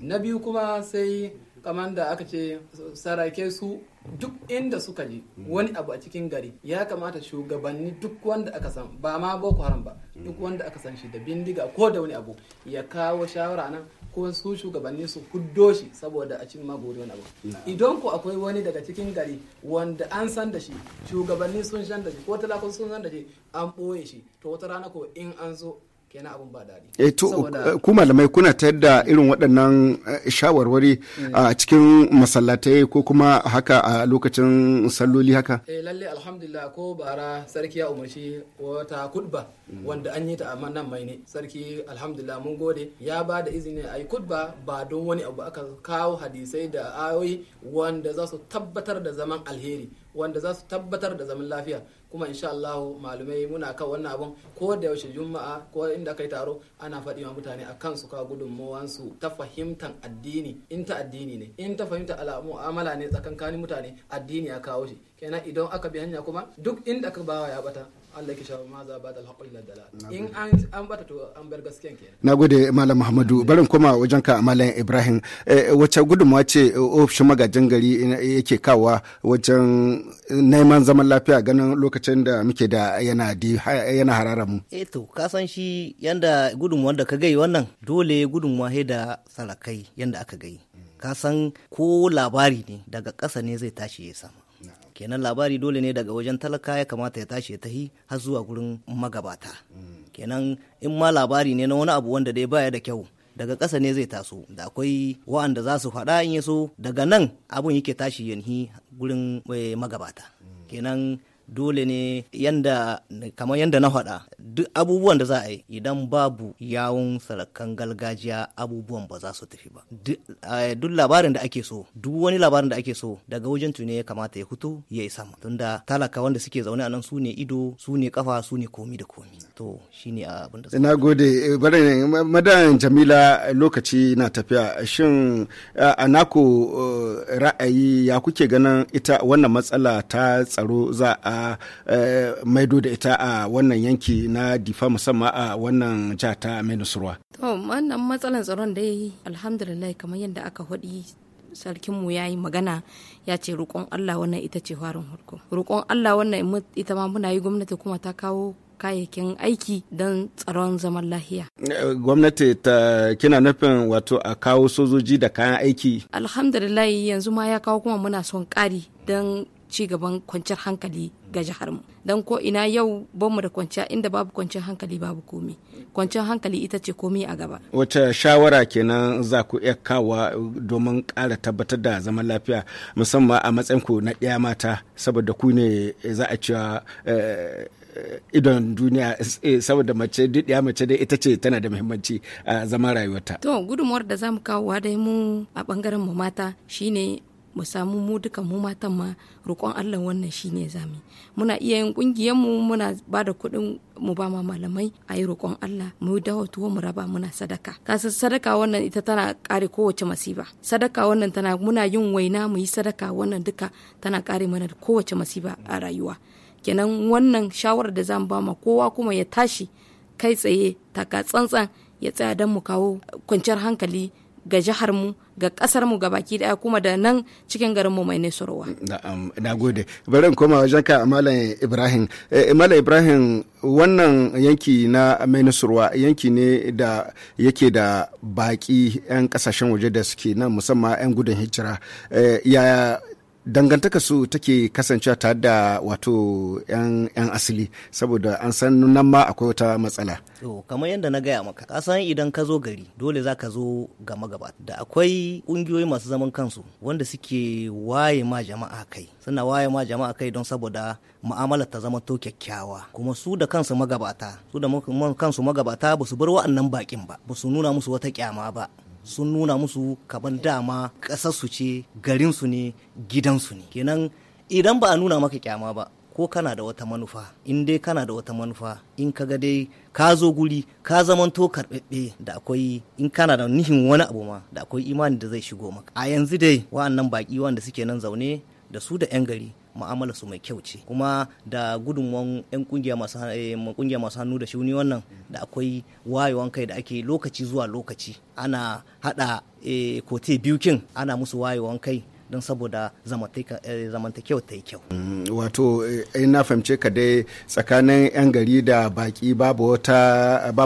na biyu kuma sai kamar da aka ce sarake su duk inda suka je hmm. wani abu a cikin gari ya kamata shugabanni duk wanda aka san ba ma boko haram ba hmm. duk wanda aka san shi da bindiga ko da wani abu ya kawo shawara nan ko su shugabanni su huddo shi saboda a cin magori wani abu idan ko akwai wani daga cikin gari wanda an san da shi shugabanni sun san da shi ko talakon sun san da shi an ɓoye shi to wata rana ko in an zo kenan abun ba daɗi. E to eh, ku malamai kuna ta yadda irin waɗannan eh, shawarwari mm. a cikin masallatai ko kuma haka a lokacin salloli haka? Eh lalle alhamdulillah ko bara sarki ya umarci wata kudba mm. wanda an yi ta a nan mai ne sarki alhamdulillah mun gode ya ba da izini a yi kudba ba don wani abu aka kawo hadisai da ayoyi wanda za su tabbatar da zaman alheri wanda za su tabbatar da zaman lafiya kuma insha Allah malumai muna kan wannan abun ko da yaushe juma'a ko inda kai taro ana faɗi wa mutane a kan su ka su ta fahimtar addini in ta addini ne in ta fahimta alamu amala ne tsakankanin mutane addini ya kawo shi kenan idan aka bi hanya kuma duk inda ka bawa ya bata Allah ke malam Muhammadu barin koma wajen ka malam Ibrahim eh, wacce gudunmawa ce ofishin magajin gari yake kawa wajen neman zaman lafiya ganin lokacin da muke da yana yana harara mu eh to ka san shi yanda gudunmawa da ka gai wannan dole gudunmawa da sarakai yadda aka gai ka san ko labari ne daga ƙasa ne zai tashi ya sama kenan labari dole ne daga wajen talaka ya kamata ya tashi ya tahi har zuwa gurin magabata kenan in ma labari ne na wani abu wanda dai baya da kyau daga ƙasa ne zai taso da akwai wa'anda za su faɗa in ya so daga nan abun yake tashi yanhi gurin eh, magabata kenan dole ne yanda kamar yanda na faɗa duk abubuwan da za a yi idan babu yawon sarakan gargajiya abubuwan ba za su tafi ba eh, duk labarin da ake so duk wani labarin da ake so daga wajen ne ya kamata ya fito ya isa ma tunda talaka wanda suke zaune a nan su ne ido su ne kafa su ne komi da komi to shine abin da na gode eh, bari madan jamila lokaci na tafiya shin eh, a ra'ayi ya kuke ganin ita wannan matsala ta tsaro za a a eh, maido da ita a wannan yanki na difa musamman a wannan jiha ta Minisruwa. To wannan matsalan tsaron dai alhamdulillah kamar yadda aka haɗi sarkinmu ya yi magana ya ce roƙon Allah wannan ita ce farin harko. Roƙon Allah wannan ita ma muna yi gwamnati kuma ta kawo kayayyakin aiki don tsaron zaman lahiya. Eh, gwamnati ta kina nufin wato a kawo sojoji da kayan aiki? Alhamdulillah yanzu ma ya kawo kuma muna son kari. don ci gaban kwanciyar hankali ga jihar mu dan ko ina yau bamu da kwanciya inda babu kwanciyar hankali babu komai kwanciyar hankali ita ce komai a gaba wata shawara kenan za ku iya kawa domin ƙara tabbatar da zaman lafiya musamman a matsayin ku na ɗaya mata saboda ku ne eh, za a cewa eh, idon duniya eh, saboda mace duk ya mace dai ita ce tana da muhimmanci a zaman rayuwarta to gudunmuwar da zamu kawo dai mu a bangaren mu mata shine mu samu mu duka mu matan ma roƙon Allah wannan shine zami muna iya yin kungiyar mu muna ba da kuɗin mu ba ma malamai a yi roƙon Allah mu dawo tuwo mu raba muna sadaka kasa sadaka wannan ita tana kare kowace masiba sadaka wannan tana muna yin waina mu yi sadaka wannan duka tana kare mana kowace masiba a rayuwa kenan wannan shawarar da zan ba ma kowa kuma ya tashi kai tsaye taka tsantsan ya tsaya don mu kawo kwanciyar hankali ga jihar mu ga kasar mu ga baki daya kuma da nan cikin garin mu mai nesorowa na gode bari in koma wajen ka malam ibrahim eh, eh, malam ibrahim wannan yanki na mai nesorowa yanki ne da yake da baki yan kasashen waje da suke nan musamman yan gudun hijira eh, yaya dangantaka su take kasancewa tare da wato 'yan asili saboda an san nan ma akwai wata matsala kamar yadda na gaya maka kasan idan ka zo gari dole za ka zo ga gaba da akwai ƙungiyoyi masu zaman kansu wanda suke waye ma jama'a kai suna waye ma jama'a kai don saboda mu'amalar ta zama to kyakkyawa kuma su da kansu magabata su da kansu magabata ba su bar wa'annan bakin ba ba su nuna musu wata kyama ba sun nuna musu kaban dama ƙasarsu ce garinsu ne gidansu ne kenan idan ba a nuna maka kyama ba ko kana da wata manufa in dai kana da wata manufa in ka ga dai ka zo guri ka zamanto karɓaɓɓe da akwai in kana da nihin wani abu ma da akwai imani da zai shigo maka a yanzu dai wa'annan baƙi wanda suke nan zaune da su da 'yan gari mu'amala su mai kyau ce kuma da gudunmuwan 'yan eh, kungiya masu hannu da shuni wannan da akwai wayewan kai da ake lokaci zuwa lokaci ana hada kote eh, biyukin ana musu wayewan kai don saboda eh, zamantakewa ta yi kyau. Mm, wato, na fahimce ka dai tsakanin 'yan gari da baki babu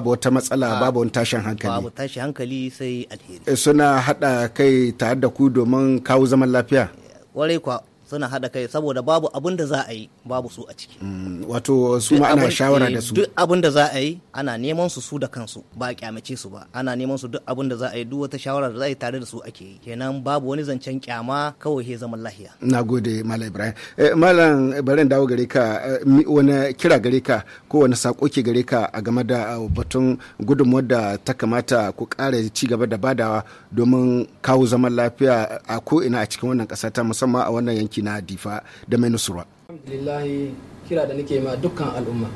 wata matsala babu wani tashin hankali. Babu tashin hankali sai alheri. Suna hada kai tare da ku domin kawo zaman lafiya? Warai kwa suna haɗa kai saboda babu abin da za a yi babu su a ciki. Mm, wato su ma ana shawara eh, da su duk abin da za a yi ana neman su su da kansu ba a kyamace su ba ana neman su duk abin da za a yi duk wata shawara da za a yi tare da su ake yi kenan babu wani zancen kyama kawai he zaman lahiya. na gode malam ibrahim eh, malam ibrahim dawo gare ka eh, wani kira gare ka ko wani sako ke gare ka a game da uh, batun gudunmuwar da ta kamata ku ƙara ci gaba da badawa domin kawo zaman lafiya a ko ina a cikin wannan ƙasa ta musamman a wannan yanki yanki na difa da mai nusura alhamdulillahi kira da nake ma dukkan al'umma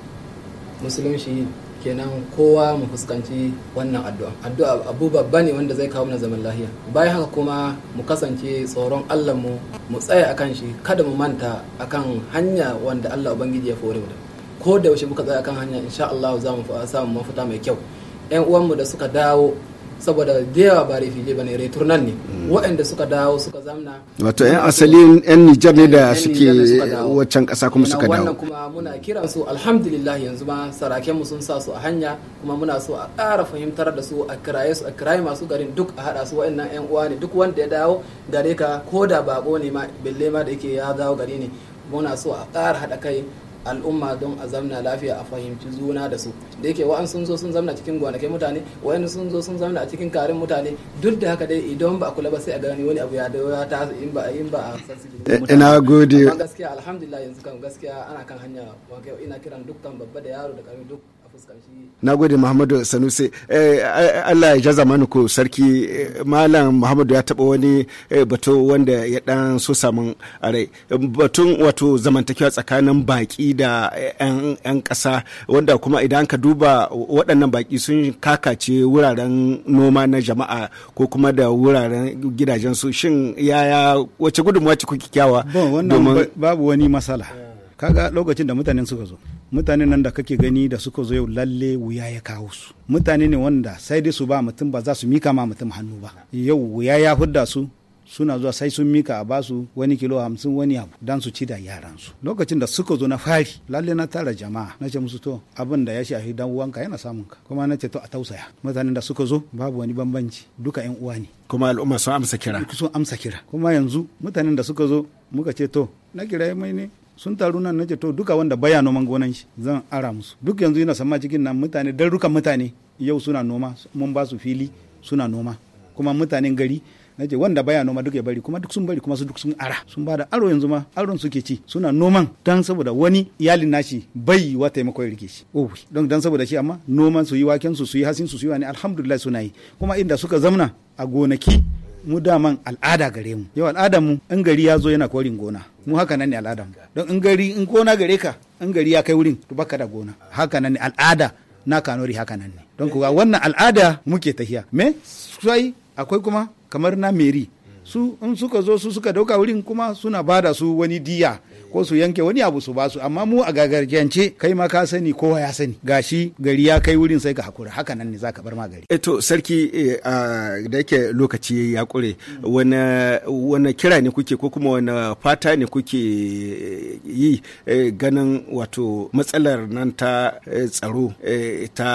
musulunci kenan kowa mu fuskanci wannan addu'a addu'a abu babba ne wanda zai kawo mana zaman lahiya bayan haka kuma mu kasance tsoron Allah mu mu tsaya akan shi kada mu manta akan hanya wanda Allah ubangiji ya fore mu ko da yaushe muka tsaya akan hanya insha Allah za mu samu mafita mai kyau yan uwanmu da suka dawo saboda da yawa ba refile ba ne returnan ne hmm. waɗanda suka dawo suka zamna wato yan asali yan nijar ne da suke waccan ƙasa kuma suka dawo wannan kuma muna kiran su alhamdulillah yanzu ma saraken mu sun sa su a hanya kuma muna so a ƙara fahimtar da su a kiraye su a kiraye masu garin duk a haɗa su waɗannan yan uwa ne duk wanda ya dawo gare ka ko da bako ne ma belle ma da yake ya dawo gari ne muna so a ƙara haɗa kai al'umma don a zamna lafiya a fahimci juna da su da yake wa'an sun zo sun zamna cikin gonakin mutane wa'an sun zo sun zamna a cikin karin mutane duk da haka dai idan ba a kula ba sai a gani wani abu ya dawo ya ta in ba in ba a ina gode gaskiya alhamdulillah yanzu kan gaskiya ana kan hanya ina kiran dukkan babba da yaro da karami duk na muhammadu sanusi eh, eh, allah ya jaza mani ko sarki eh, malam muhammadu ya taba wani batu wanda ya ɗan so samun rai batun wato zamantakewa tsakanin baƙi da 'yan kasa wanda kuma idan ka duba waɗannan baki sun kakace wuraren noma na jama'a ko kuma da wuraren gidajen su shin yaya wace gudunmawa ce kuke kyawa babu wani matsala kaga lokacin da mutanen suka zo mutanen nan da kake gani da suka zo yau lalle wuya ya kawo su mutane ne wanda sai dai su ba mutum ba za su mika ma mutum hannu ba yau wuya ya hudda su suna zuwa sai sun mika a basu wani kilo hamsin wani abu dan su ci da su lokacin da suka zo na fari lalle na tara jama'a na ce musu to abin da ya shafi dan uwanka yana samun ka kuma na ce to a tausaya mutanen da suka zo babu wani bambanci duka yan uwa ne kuma al'umma sun amsa kira sun amsa kira kuma yanzu mutanen da suka zo muka ce to na kira mai ne sun taru nan na to duka wanda baya noman gonan shi zan ara musu duk yanzu yana sama cikin nan mutane darukan mutane yau suna noma mun ba su fili suna noma kuma mutanen gari na ce wanda baya noma duk ya bari kuma duk sun bari kuma su duk sun ara sun bada aro yanzu ma aron suke ci suna noman dan saboda wani iyalin nashi bai wa taimako ya rike shi oh don dan saboda shi amma noman su yi waken su su yi hasin su su yi wani alhamdulillah suna yi kuma inda suka zamna a gonaki mu daman al'ada gare mu yau al'adar mu in gari ya zo yana korin gona mu haka nan ne al'adar mu don in gari in gona gare ka in gari ya kai wurin to baka da gona haka nan ne al'ada na kanori haka nan ne don kuwa wannan al'ada muke tahiya me sai akwai kuma kamar na meri su in suka zo su suka dauka wurin kuma suna bada su wani diya ko su yanke wani abu su basu amma mu a ce kai ma ka sani kowa ya sani gashi gari ya kai wurin sai ka hakura haka nan ne zaka bar ma gari eh to sarki eh, da yake lokaci ya kure wani wani kira ne kuke ko kuma wani fata ne kuke eh, yi ganin wato matsalar nan ta tsaro ta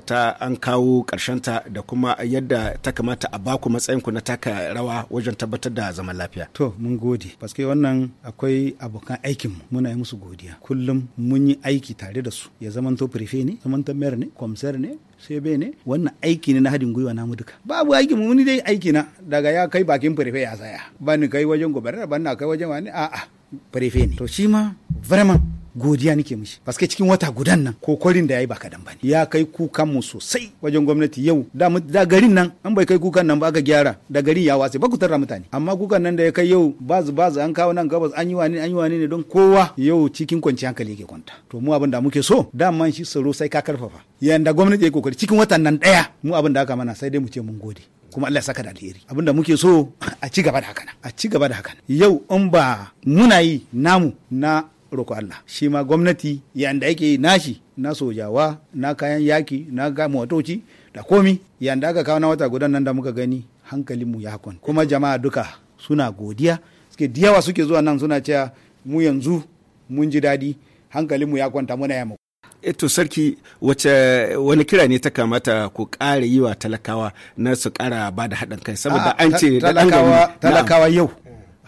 ta an kawo ta da kuma yadda ta kamata a baku matsayin ku na taka rawa wajen tabbatar da zaman lafiya to mun gode paske wannan akwai abokan aikinmu muna yi musu godiya kullum mun yi aiki tare da su ya zamanto prefe ne zamanto mayor ne komsar ne sebe ne wannan aiki ne na hadin gwiwa namu duka babu aiki mu ni dai aiki na daga ya kai bakin prefe ya saya bani kai wajen gobernar bani na kai wajen wani a'a prefe ne to shi ma vraiment godiya nake mishi paske cikin wata gudan nan kokarin da yayi ba kadan bane ya kai kukan mu sosai wajen gwamnati yau da, garin nan an bai kai kukan nan ba aka gyara da garin ya wase ba ku tarra mutane amma kukan nan da ya kai yau bazu bazu an kawo nan gabas an yi wani an yi wani ne don kowa yau cikin kwanciyar hankali yake kwanta to mu abin da muke so daman shi tsaro sai ka karfafa yanda gwamnati yake kokari cikin watan nan daya mu abin da aka mana sai dai mu ce mun gode kuma Allah ya saka da alheri abinda muke so a ci gaba da haka a ci gaba da haka yau in ba muna yi namu na roko Allah shi ma gwamnati yanda yake nashi na sojawa na kayan yaki na ga motoci da komi yanda aka kawo na wata gudan nan da muka gani hankalinmu ya kwan kuma jama'a duka suna godiya suke diyawa suke zuwa nan suna cewa mu yanzu mun ji daɗi hankalinmu ya kwanta muna yamma eto eh, sarki wace wani kira ne ta kamata ku ƙara yi wa talakawa na su ƙara ba da haɗin kai saboda an ce talakawa yau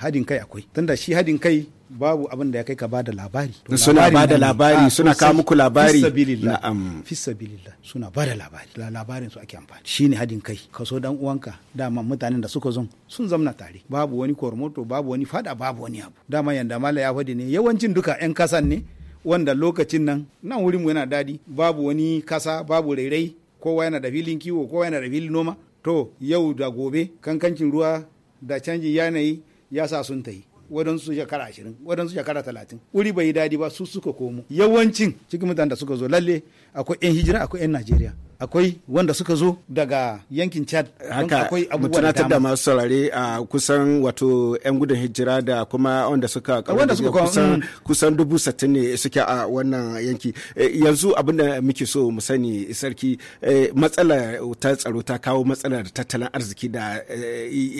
haɗin kai akwai tunda shi haɗin kai babu abin da ya kai ka bada labari suna da labari suna kawo muku labari na'am fisabilillah suna bada labari la labarin su ake amfani shine hadin kai Ka so dan uwanka dama mutanen da suka zon sun zamna tare babu wani kormoto babu wani fada babu wani abu dama yanda mala ya fadi ne yawancin duka yan kasan ne wanda lokacin nan nan wurin mu yana dadi babu wani kasa babu rairai kowa yana da filin kiwo kowa yana da filin noma to yau da gobe kankancin ruwa da canjin yanayi ya sa sun tayi waɗansu shekara ashirin waɗansu shekara talatin wuri bai yi dadi ba su suka komo yawancin cikin mutanen da suka zo lalle akwai 'yan hijira akwai 'yan najeriya akwai wanda suka zo daga yankin chad haka akwai abubuwa da da masu saurare a kusan wato 'yan gudun hijira da kuma wanda suka wanda suka kusan mm. kusan dubu sattin ne suke a wannan yanki e, yanzu abinda da muke so mu sani sarki e, matsala ta tsaro ta kawo matsalar tattalin arziki da e,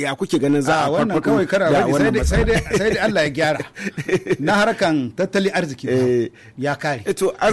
ya kuke ganin za a wannan kawai kara sai dai sai dai Allah ya gyara na harkan tattalin arziki eh. ya kare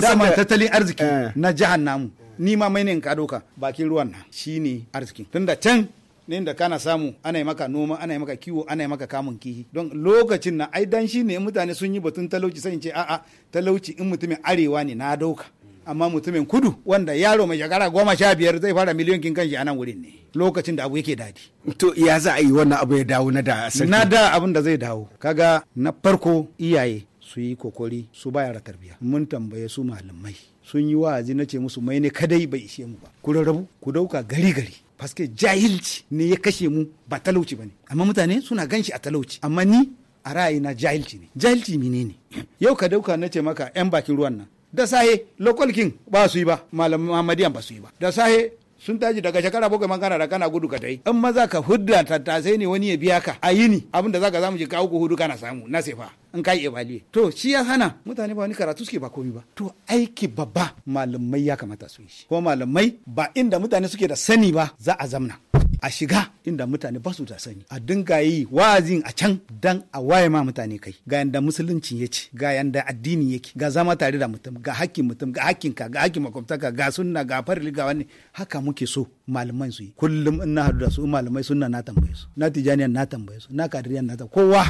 dama tattalin arziki eh. na jihar namu ni ma mai ne ka doka bakin ruwan nan shine arzikin tunda can ne da kana samu ana yi maka noma ana yi maka kiwo ana yi maka kamun kihi don lokacin na ai dan shine mutane sun yi batun talauci sai ce a'a talauci in mutumin arewa ne na doka. amma mutumin kudu wanda yaro mai shekara goma sha biyar zai fara miliyon kin kanshi a nan wurin ne lokacin da abu yake dadi to ya za a yi wannan abu ya dawo na da na da abin da zai dawo kaga na farko iyaye su yi kokori su bayar tarbiya mun tambaye su malamai sun yi wa'azi na ce musu mai ne kadai bai ishe mu ba ku rarrabu ku dauka gari gari paske jahilci ne ya kashe mu ba talauci ba ne amma mutane suna ganshi a talauci amma ni a ra'ayina jahilci ne jahilci menene yau ka dauka na ce maka yan bakin ruwan nan da sahe local king ba su yi ba malam muhammadiyan ba su yi ba da sahe sun tashi daga shekara bakwai man kana da kana gudu ka tai in maza ka hudda tattasai ne wani ya biya ka a yini abin da ka zamu je ka uku hudu kana samu na sefa in ka yi bali to shi ya hana mutane ba wani karatu suke ba komi ba to aiki babba malamai ya kamata su yi shi ko malamai ba inda mutane suke da sani ba za a zamna a shiga inda mutane ba su da sani a dinga yi wa'azin a can dan a waye ma mutane kai ga yanda musulunci yake. ga yanda addini yake ga zama tare da mutum ga hakkin mutum ga hakkin ka ga hakkin makwabtaka ga sunna ga farli ga wani haka muke so malaman su yi kullum in na hadu da su malamai sunna na tambaye su na tijaniyan na tambaye su na kadiriya na kowa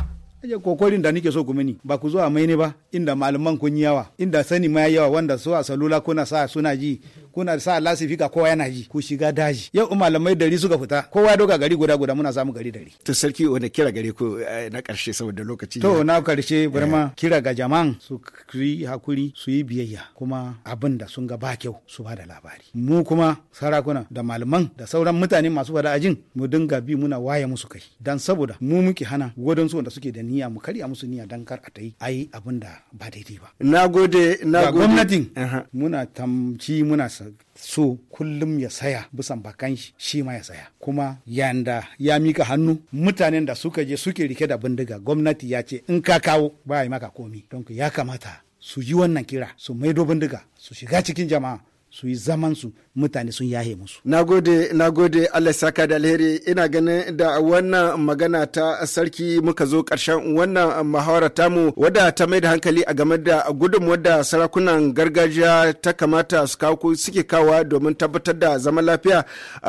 Aje kokorin da nake so ku mini ba ku zo a mai ne ba inda malaman kun yawa inda sani ma yawa wanda su a salula kuna sa suna ji kuna sa ka kowa yana yi ku shiga daji yau malamai dari suka fita kowa ya doka gari guda guda muna samu gari dari to sarki wanda kira gare ku eh, na karshe saboda lokaci to na karshe barma eh. kira ga jama'an su yi hakuri su yi biyayya kuma abin da sun ga ba kyau su ba da labari mu kuma sarakuna da malaman da sauran mutane masu fada ajin mu dinga bi muna waye musu kai dan saboda mu muke hana wadon su wanda suke da niyya mu karya musu niyya dan kar a ta yi ayi abin da ba daidai ba nagode nagode gwamnatin muna tamci muna bisa so kullum ya saya bisan bakan shi ma ya saya kuma yanda ya mika hannu mutanen da suka je suke rike da bindiga gwamnati ya ce in ka kawo ba yi maka komi don ya kamata su yi wannan kira su maido bindiga su shiga cikin jama'a su yi zaman su mutane sun yahe musu. Nagode, nagode Allah saka da alheri ina ganin da wannan magana ta sarki muka zo ƙarshen wannan muhawara tamu wadda ta mai da hankali a game da gudun da sarakunan gargajiya ta kamata su kawo suke kawa domin tabbatar da zaman lafiya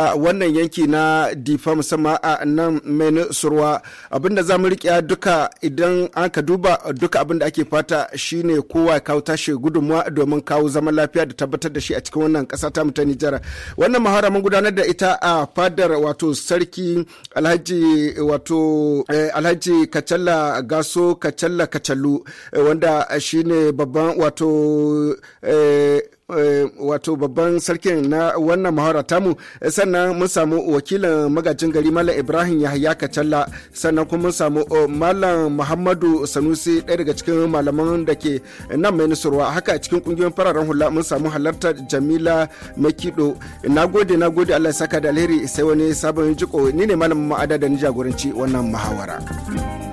a wannan yanki na difa musamman a nan mai surwa abinda za mu riƙe duka idan an ka duba duka abinda ake fata shine kowa kawo tashi gudunmuwa domin kawo zaman lafiya da tabbatar da shi a cikin cikin wannan ƙasa ta ta Nijar. Wannan mahara mun gudanar da ita a fadar wato sarki Alhaji wato eh, Alhaji Kacalla Gaso Kacalla Kacallu eh, wanda shine babban wato eh, Eh, wato babban sarkin na wannan mahara tamu eh, sannan mun samu wakilin magajin gari malam ibrahim yahaya kacalla sannan kuma mun samu oh, malam muhammadu sanusi ɗaya daga cikin malaman da ke nan mai nusurwa haka cikin kungiyoyin fararen hula mun samu halartar jamila makido na gode na gode allah saka da alheri sai wani sabon jiko ni ne malam ma'ada da ni jagoranci wannan muhawara.